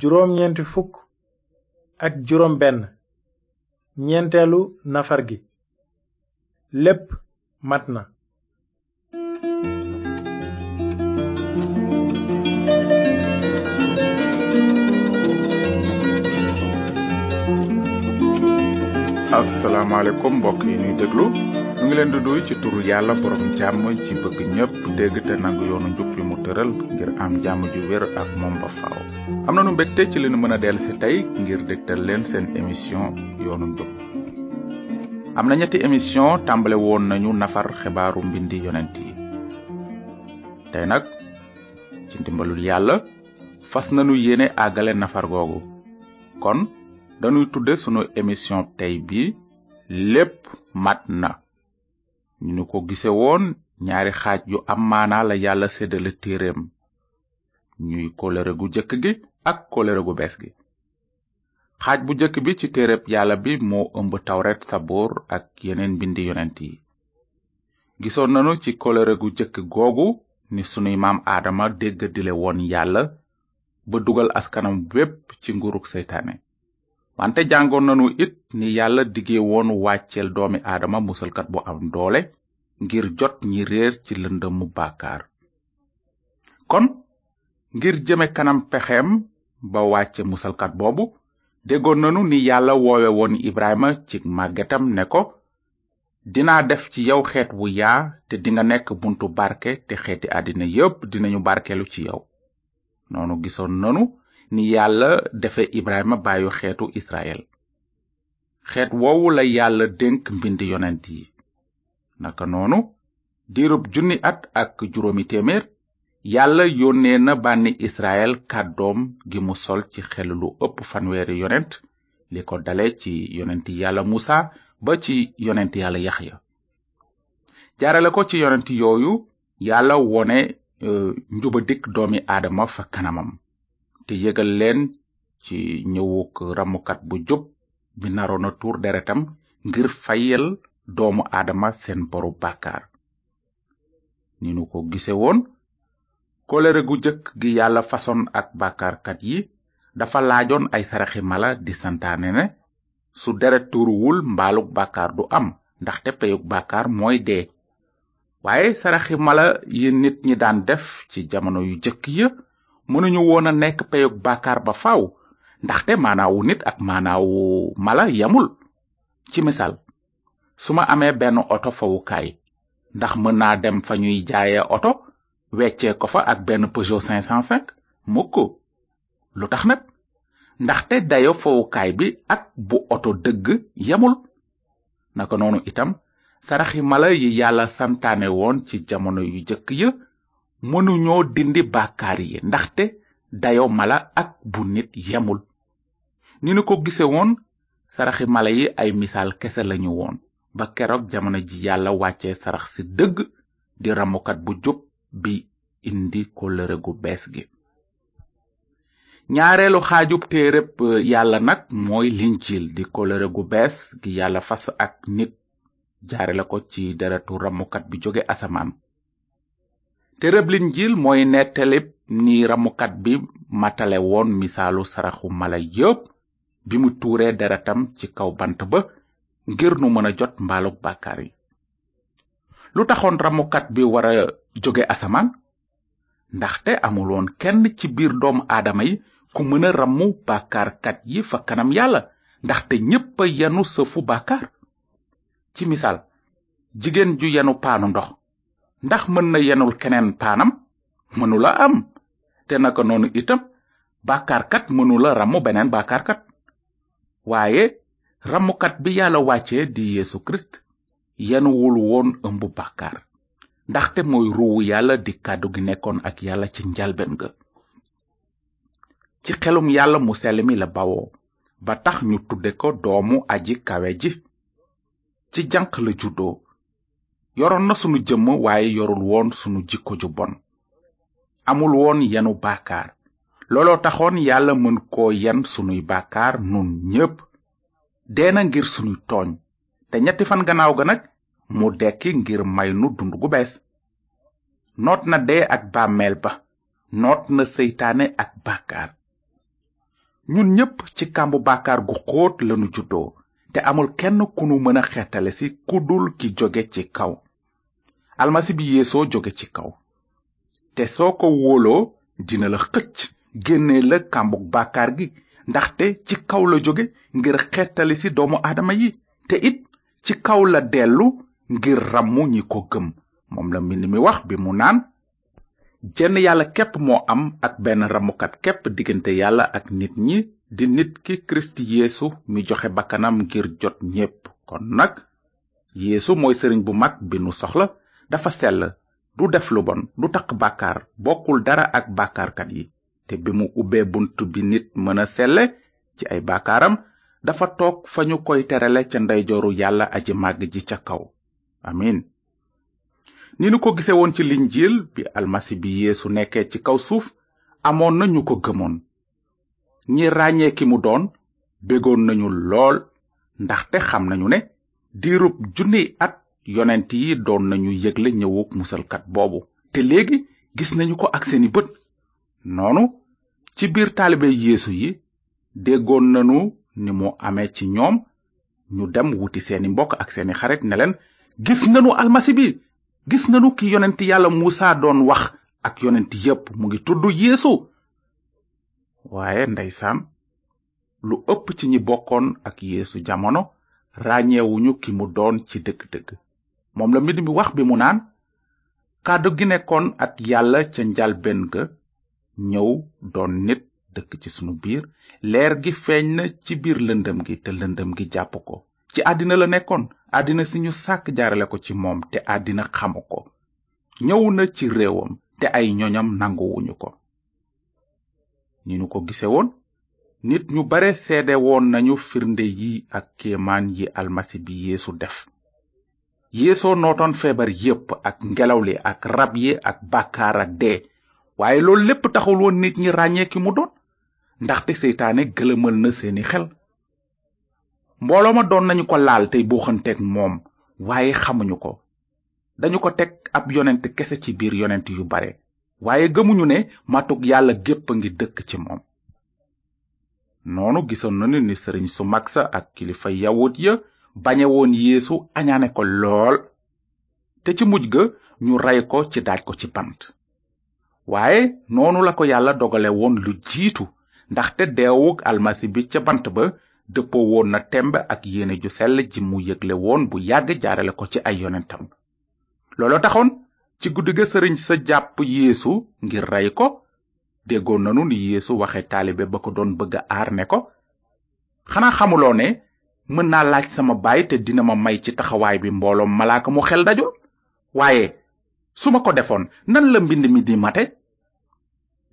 juróom-ñeenti fukk ak juróom benn ñeenteelu nafar gi lépp mat na asalaamaaleykum mbokk yi ñuy déglu ñu ngi leen di ci tur yàlla borom jàmm ci bëgg ñëpp dégg te nangu yoonu njub bi mu tëral ngir am jàmm ju wér ak moom ba faaw. am nañu mbégte ci leen nu mën a dellu si tey ngir dégtal leen seen émission yoonu njub am na ñetti émission tàmbale woon nañu nafar xibaaru mbindi yonent yi tey nag ci ndimbalul yàlla fas nañu yéene àggale nafar googu kon dañuy tudde sunu émission tey bi lépp mat na. ñu nu ko gise woon ñaari xaaj yu am maanaa la yàlla seddale téereem ñuy kolere gu jëkk gi ak kolere gu bees gi xaaj bu jëkk bi ci téereb yàlla bi moo ëmb tawret saboor ak yeneen bindi yonent yi gisoon nanu ci kolere gu jëkk googu ni sunuy maam aadama dégg dile woon yàlla ba dugal askanam bépp ci nguruk seytaane wante jàngoon nanu it ni yàlla dige woon wàcceel doomi aadama musalkat bu am doole ngir jot ñi réer ci lëndëmu bàkkaar kon ngir jëme kanam pexeem ba wàcce musalkat boobu déggoon nanu ni yàlla woowe woon Ibrahima ci màggetam ne ko dinaa def ci yow xeet wu yaa te dinga nekk buntu barke te xeeti àddina yépp ñu barkelu ci yow noonu gisoon nanu ni yàlla defe Ibrahima baayu xeetu Israël xeet woowu la yàlla dénk mbind yonent yi naka noonu diirub junni at ak juróomi téeméer yàlla yónnee na bànni israel kàddoom gi mu sol ci xel lu ëpp fanweeri yonent li ko dale ci yonent yàlla Musa ba ci yonent yàlla ya jaarale ko ci yonent yooyu yàlla wone euh, dikk doomi aadama fa kanamam te yëgal leen ci ñëwuk ramukat bu jub bi naroona tuur deretam ngir fayel doomu aadama seen boru bàkkaar ni nu ko gise woon kolere gu jëkk gi yàlla façon ak bàkkaarkat yi dafa laajoon ay saraxi mala di santaane ne su deret tuuruwul mbaaluk bàkkaar du am ndaxte peyug bàkkaar mooy dee waaye saraxi mala yi nit ñi daan def ci jamono yu jëkk ya mënuñu woon a nekk peyug bàkkaar ba faw ndaxte wu nit ak wu mala yamul ci misaal su ma amee benn oto fawukaay ndax mën naa dem fa ñuy jaayee oto weccee ko fa ak benn Peugeot 505 mukk lu tax nag ndaxte dayo fowukaay bi ak bu oto dëgg yamul naka noonu itam saraxi mala yi yàlla santaane woon ci jamono yu jëkk ya mënuñoo dindi bàkkaar yi ndaxte dayo mala ak bu nit yemul ni nu ko gise woon saraxi mala yi ay misaal kese lañu woon ba keroog jamono ji yàlla wàcce sarax si dëgg di ramukat bu jub bi indi kóllëre gu bees gi ñaareelu xaajub téereb euh, yàlla nag mooy linjiil di kóllëre gu bees gi yàlla fas ak nit jaare ko ci deretu ramukat bi jóge asamaan tërëb linjiil mooy nettalib ni ramukat bi matale woon misaalu saraxu mala yépp bi mu tuuree deretam ci kaw bant ba ngir nu mën a jot mbaalug bàkkaar yi lu taxoon ramukat bi war a jóge asamaan ndaxte amuloon kenn ci biir doomu aadama yi ku mën a ramu bàkkaarkat yi fa kanam yàlla ndaxte ñépp a yanu sëfu bàkkaar ci misaal jigéen ju yanu paanu ndox ndax mën na yenul keneen paanam mënula am te naka noonu itam bàkkaarkat mënula ramu beneen bàkkaarkat waaye ramukat bi yàlla wàcce di yeesu kirist yenuwul woon ëmb bàkkaar ndaxte mooy ruwu yàlla di kàddu gi nekkoon ak yàlla ci njalben ga ci xelum yàlla mu sell mi la bawoo ba tax ñu tudde ko doomu aji kawe ji ci janq la juddoo yoroon na sunu jëmm waaye yorul woon sunu jikko ju bon amul woon yenu baakaar looloo taxoon yàlla mën koo yen sunuy baakaar nun ñépp dee na ngir sunuy tooñ te ñetti fan gannaaw ga nag mu dekki ngir may nu dund gu bees noot na dee ak bàmmeel ba noot na seytaane ak baakaar ñun ñépp ci kàmbu baakaar gu xóot lanu juddoo te amul kenn ku nu mën a xeetale si ku dul ki jóge ci kaw almasi bi yeesoo jóge ci kaw te soo ko wóoloo dina la xëcc génne la kàmbug bàkkaar gi ndaxte ci kaw la jóge ngir xetali si doomu aadama yi te it ci kaw la dellu ngir ràmmu ñi ko gëm moom la mbind mi wax bi mu naan jenn yàlla képp moo am ak benn ramukat képp diggante yàlla ak nit ñi di nit ki kirist yeesu mi joxe bakkanam ngir jot ñépp kon nag yeesu mooy sëriñ bu mag bi nu soxla dafa sell du def lu bon du taq bàkkaar bokkul dara ak bàkkaarkat yi te bi mu ubbee bunt bi nit mën a selle ci ay bàkkaaram dafa toog fa ñu koy terale ca ndeyjooru yàlla aji màgg ji ca kaw amin ni nu ko gise woon ci linjiil bi almasi bi yéesu nekkee ci kaw suuf amoon na ñu ko gëmoon ñi ràññee ki mu doon bégoon nañu lool ndaxte xam nañu ne diirub junniy at yonent yi doon nañu yëgle ñëwug musalkat boobu te léegi gis nañu ko ak seeni bët noonu ci biir taalibe yéesu yi déggoon nañu ni mu amee ci ñoom ñu dem wuti seeni mbokk ak seeni xarit ne leen gis nañu almasi bi gis nanu ki yonent yàlla muusa doon wax ak yonent yépp mu ngi tudd yéesu waaye ndeysaan lu ëpp ci ñi bokkoon ak yéesu jamono ràññeewuñu ki mu doon ci dëgg-dëgg moom la mbind mi wax bi mu naan kàddu gi nekkoon at yàlla ca njalbeen ga ñëw doon nit dëkk ci sunu biir leer gi feeñ na ci biir lëndëm gi te lëndëm gi jàpp ko ci àddina la nekkoon àddina si ñu sàkk jaarale ko ci moom te àddina xamu ko ñëw na ci réewam te ay ñoñam nanguwuñu ko ni ñu ko gise woon nit ñu bare seede woon nañu firnde yi ak kéemaan yi almasi bi yéesu def yéesoo nootoon feebar yépp ak ngelaw li ak rab yi ak bàkkaar de waaye loolu lépp taxul woon nit ñi ràññee ki mu doon ndaxte seytaane gëlëmal na seeni xel mbooloo ma doon nañu ko laal tey buuxanteeg moom waaye xamuñu ko dañu ko teg ab yonent kese ci biir yonent yu bare waaye gëmuñu ne matug yàlla gépp a ngi dëkk ci moom noonu gisoon nañu ni sëriñ su mag ak kilifa yawut ya bañe woon yeesu añaane ko lool te ci mujj ga ñu rey ko ci daaj ko ci pant waaye noonu la ko yàlla dogale woon lu jiitu te deewug almasi bi ca bant ba dëppoo woon na temb ak yéene ju sell ji mu yëgle woon bu yàgg jaarale ko ci ay yonentam looloo taxoon ci guddi ga sëriñ sa jàpp yeesu ngir rey ko déggoon nanu ni yéesu waxe taalibe ba ko doon bëgg a aar ne ko xanaa xamuloo ne mën naa laaj sama baay te dina ma may ci taxawaay bi mbooloom malaaka mu xel dajul waaye su ma ko defoon nan la mbind mi di mate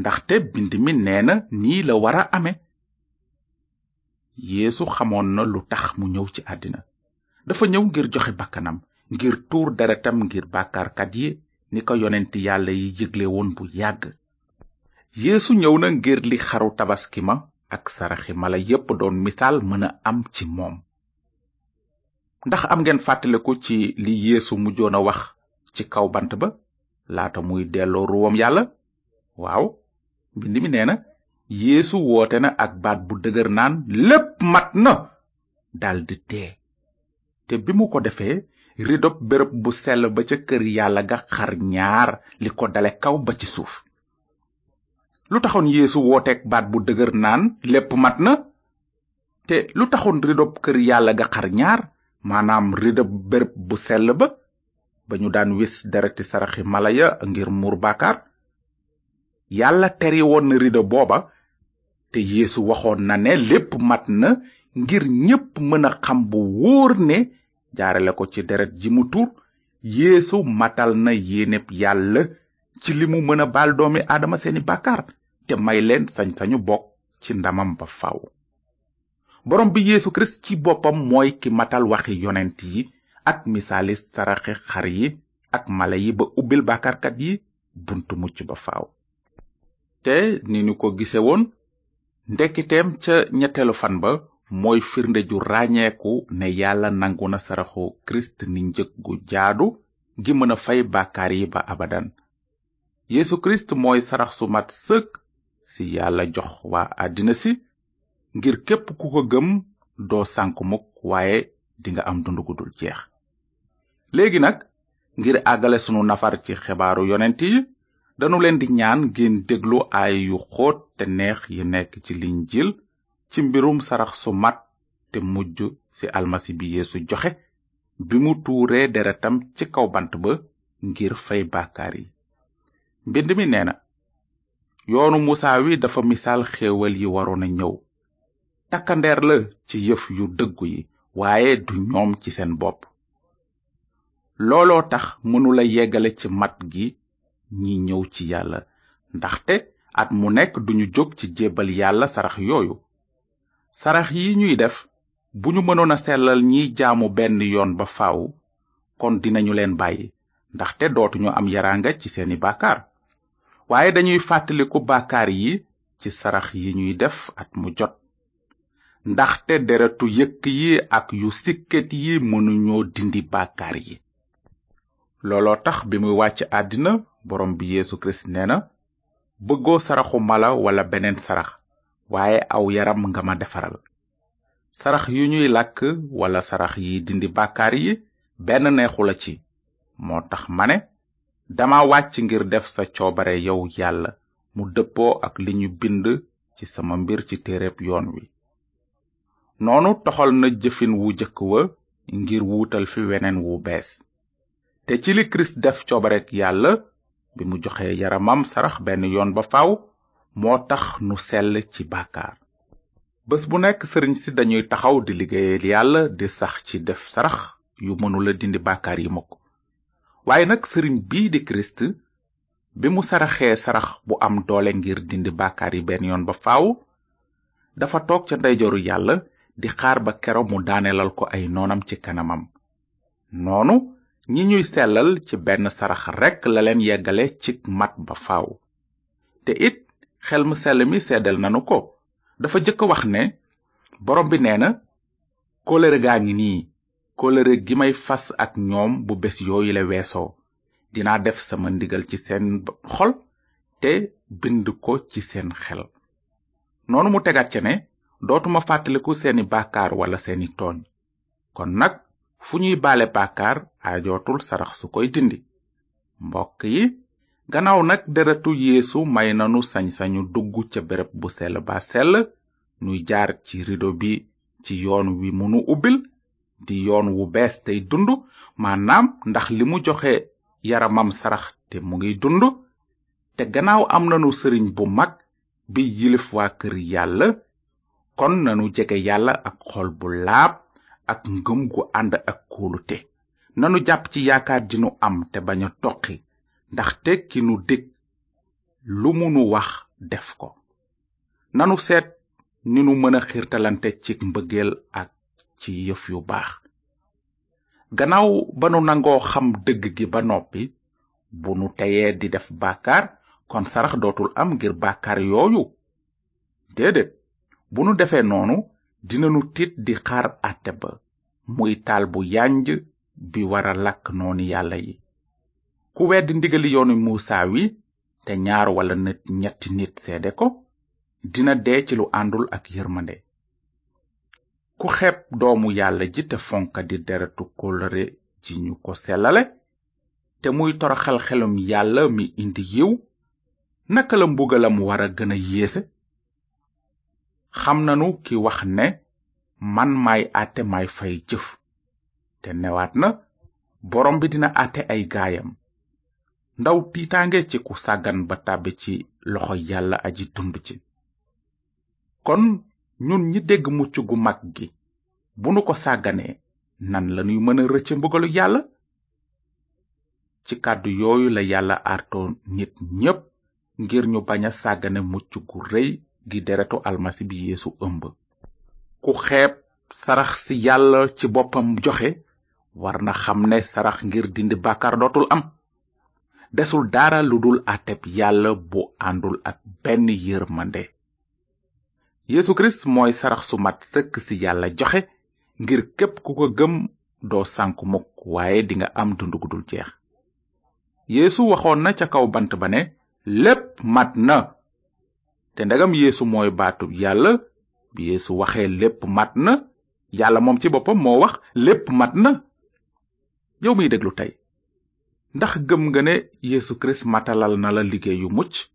ndaxte mbind mi nee na nii la war a ame yéesu xamoon na lu tax mu ñëw ci àddina dafa ñëw ngir joxe bakkanam ngir tuur deretam ngir bàkkaarkat yi ni ko yonent yàlla yi yëgle woon bu yàgg yéesu ñëw na ngir li xaru tabaski ma ak saraxi mala yépp doon misaal mën a am ci moom ndax am ngeen fàttaliku ci li yéesu mujjoon a wax ci kaw bant ba laata muy delloo ruwam yàlla waaw mbind mi nee na yeesu woote na ak baat bu dëgër naan lépp mat na daldi tee te bi mu ko defee ridob béréb bu sell ba ca kër yàlla ga xar ñaar li ko dale kaw ba ci suuf lu taxoon yeesu wooteek baat bu dëgër naan lépp mat na te lu taxoon ridob kër yàlla ga xar ñaar maanaam rida bërëb bu sell ba ba ñu daan wis dereti saraxi mala ya ngir muur bàkkaar yàlla teri woon na rida booba te yéesu waxoon na ne lépp mat na ngir ñépp mën a xam bu wóor ne jaarale ko ci deret ji mu tuur yéesu matal na yéeneb yàlla ci li mu mën a baal doomi aadama seeni bàkkaar te may leen sañ-sañu bokk ci ndamam ba faw borom bi yeesu kirist ci boppam mooy ki matal waxi yonent yi ak misaali saraxe xar yi ak mala yi ba ubbil bàkkaarkat yi buntu mucc ba faaw te ni ñu ko gise woon ndekkiteem ca ñetteelu fan ba mooy firnde ju ràññeeku ne yàlla nangu na saraxu kirist ni njëg gu jaadu gi mën a fay bàkkaar yi ba abadan yeesu kirist mooy sarax su mat sëkk si yàlla jox waa àddina si ngir képp ku ko gëm doo sànku mukk waaye dinga am dund dul jeex léegi nag ngir àggale sunu nafar ci xibaaru yonent yi danu leen di ñaan ngeen déglu ay yu xóot te neex yi nekk ci liñ linjil ci mbirum sarax su mat te mujj ci almasi bi yeesu joxe bi mu tuuree deretam ci kaw bant ba ngir fay bàkkaar yi mbind mi nee na yoonu musa wi dafa misaal xéewal yi waroon a ñëw takkandeer la ci yëf yu dëggu yi waaye du ñoom ci seen bopp looloo tax mënula yeggale ci mat gi ñi ñëw ci yàlla ndaxte at mu nekk duñu jóg ci jébbal yàlla sarax yooyu sarax yi ñuy def bu ñu mënoon a sellal ñiy jaamu benn yoon ba faw kon dinañu leen bàyyi ndaxte dootuñu am yaraanga ci seeni bàkkaar waaye dañuy fàttaliku bàkkaar yi ci sarax yi ñuy def at mu jot ndaxte deretu yëkk yi ak yu sikket yi mënuñoo dindi bàkkaar yi looloo tax bi muy wàcc àddina borom bi yeesu kirist nee na bëggoo saraxu mala wala beneen sarax waaye aw yaram nga ma defaral sarax yu ñuy làkk wala sarax yi dindi bàkkaar yi benn neexu la ci moo tax ma ne dama wàcc ngir def sa coobare yow yàlla mu dëppoo ak li ñu bind ci sama mbir ci téereb yoon wi noonu toxal na jëfin wu jëkk wa ngir wuutal fi weneen wu bees te ci li kirist def coobarek yàlla bi mu joxee yaramam sarax benn yoon ba faw moo tax nu sell ci bàkkaar bés bu nekk sëriñ si dañuy taxaw di liggéeyal yàlla di sax ci def sarax yu mënula dindi bàkkaar yi mukk waaye nag sëriñ bii di kirist bi mu saraxee sarax bu am doole ngir dindi bàkkaar yi benn yoon ba faaw dafa toog ca ndeyjooru yàlla di xaar ba kero mu daanelal ko ay noonam ci kanamam noonu ñi ñuy sellal ci benn sarax rekk la leen yeggale ci mat ba faaw te it xel mu sell mi seddal nanu ko dafa jëkk wax ne borom bi nee na kóllëre gaa ngi nii kóllëre gi may fas ak ñoom bu bés yooyu la weesoo dinaa def sama ndigal ci seen xol te bind ko ci seen xel noonu mu tegaat ca ne dootuma fàttaliku seeni bàkkaar wala seeni tooñ kon nag fu ñuy baale bàkkaar aajootul sarax su koy dindi mbokk yi gannaaw nag deretu yéesu may nanu sañ-sañu dugg ca béréb bu sell ba sell nuy jaar ci rido bi ci yoon wi mënu ubbil di yoon wu bees tey dund maanaam ndax li mu joxe yaramam sarax te mu ngi dund te gannaaw am nanu sëriñ bu mag bi yilif waa kër yàlla kon nanu jege yàlla ak xol bu laab ak ngëm gu ànd ak kóolute nanu jàpp ci yaakaar ji am te bañ a toqi ndaxte ki nu dig lu mu wax def ko nanu seet ni nu mën a xiirtalante ci mbëggeel ak ci yëf yu baax gannaaw ba nu nangoo xam dëgg gi ba noppi bu nu teyee di def bàkkaar kon sarax dootul am ngir bàkkaar yooyu déedéet bu nu defee noonu dinanu tiit di xaar àtte ba muy taal bu yanj bi wara lakk noonu yàlla yi ku weddi ndigali yoonu muusa wi te ñaar wala nit ñetti nit seede ko dina dee ci lu àndul ak yërmande ku xeeb doomu yàlla ji te fonka di deretu kóllëre ji ñu ko sellale te muy toroxal xelum yàlla mi indi yiw naka la mbugalam wara gën a yéese xam nanu ki wax ne man maay àtte maay fay jëf te newaat na borom bi dina àtte ay gaayam ndaw tiitaange ci ku sàggan ba tàbbi ci loxo yàlla aji dund ci kon ñun ñi dégg mucc gu mag gi bu nu ko sàgganee nan lanuy mën a rëcce mbugalu yàlla ci kàddu yooyu la yàlla arto nit ñépp ngir ñu bañ a sàggane mucc gu rëy di deretu almasi bi yeesu ëmb ku xeeb sarax si yàlla ci boppam joxe warna xam ne sarax ngir dindi bàkkaar dootul am desul dara lu dul àtteb yàlla bu àndul ak benn yërmande yéesu kirist mooy sarax su mat sëkk si yàlla joxe ngir képp ku ko gëm doo sànku mukk waaye dinga am dund gu jeex yeesu waxoon na ca kaw bant ba ne lépp mat na te ndegam yéesu mooy baatub yàlla bi waxee lépp mat na yàlla moom ci boppam moo wax lépp mat na yow miy déglu tey ndax gëm nga ne yéesu kirist matalal na la liggéey yu mucc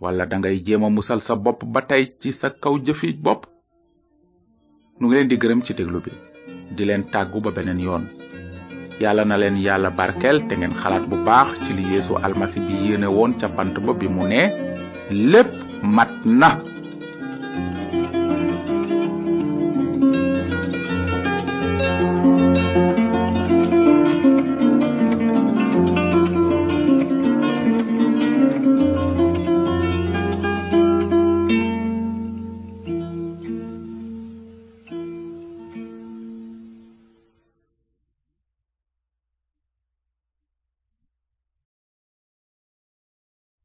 walla dangay jéem a musal sa bopp ba tey ci sa kaw jëfi bopp nu ngi leen di gërëm ci déglu bi di leen tàggu ba beneen yoon yàlla na leen yàlla barkeel te ngeen xalaat bu baax ci li yeesu almasi bi yéene woon ca pant ba bi mu ne lépp mat na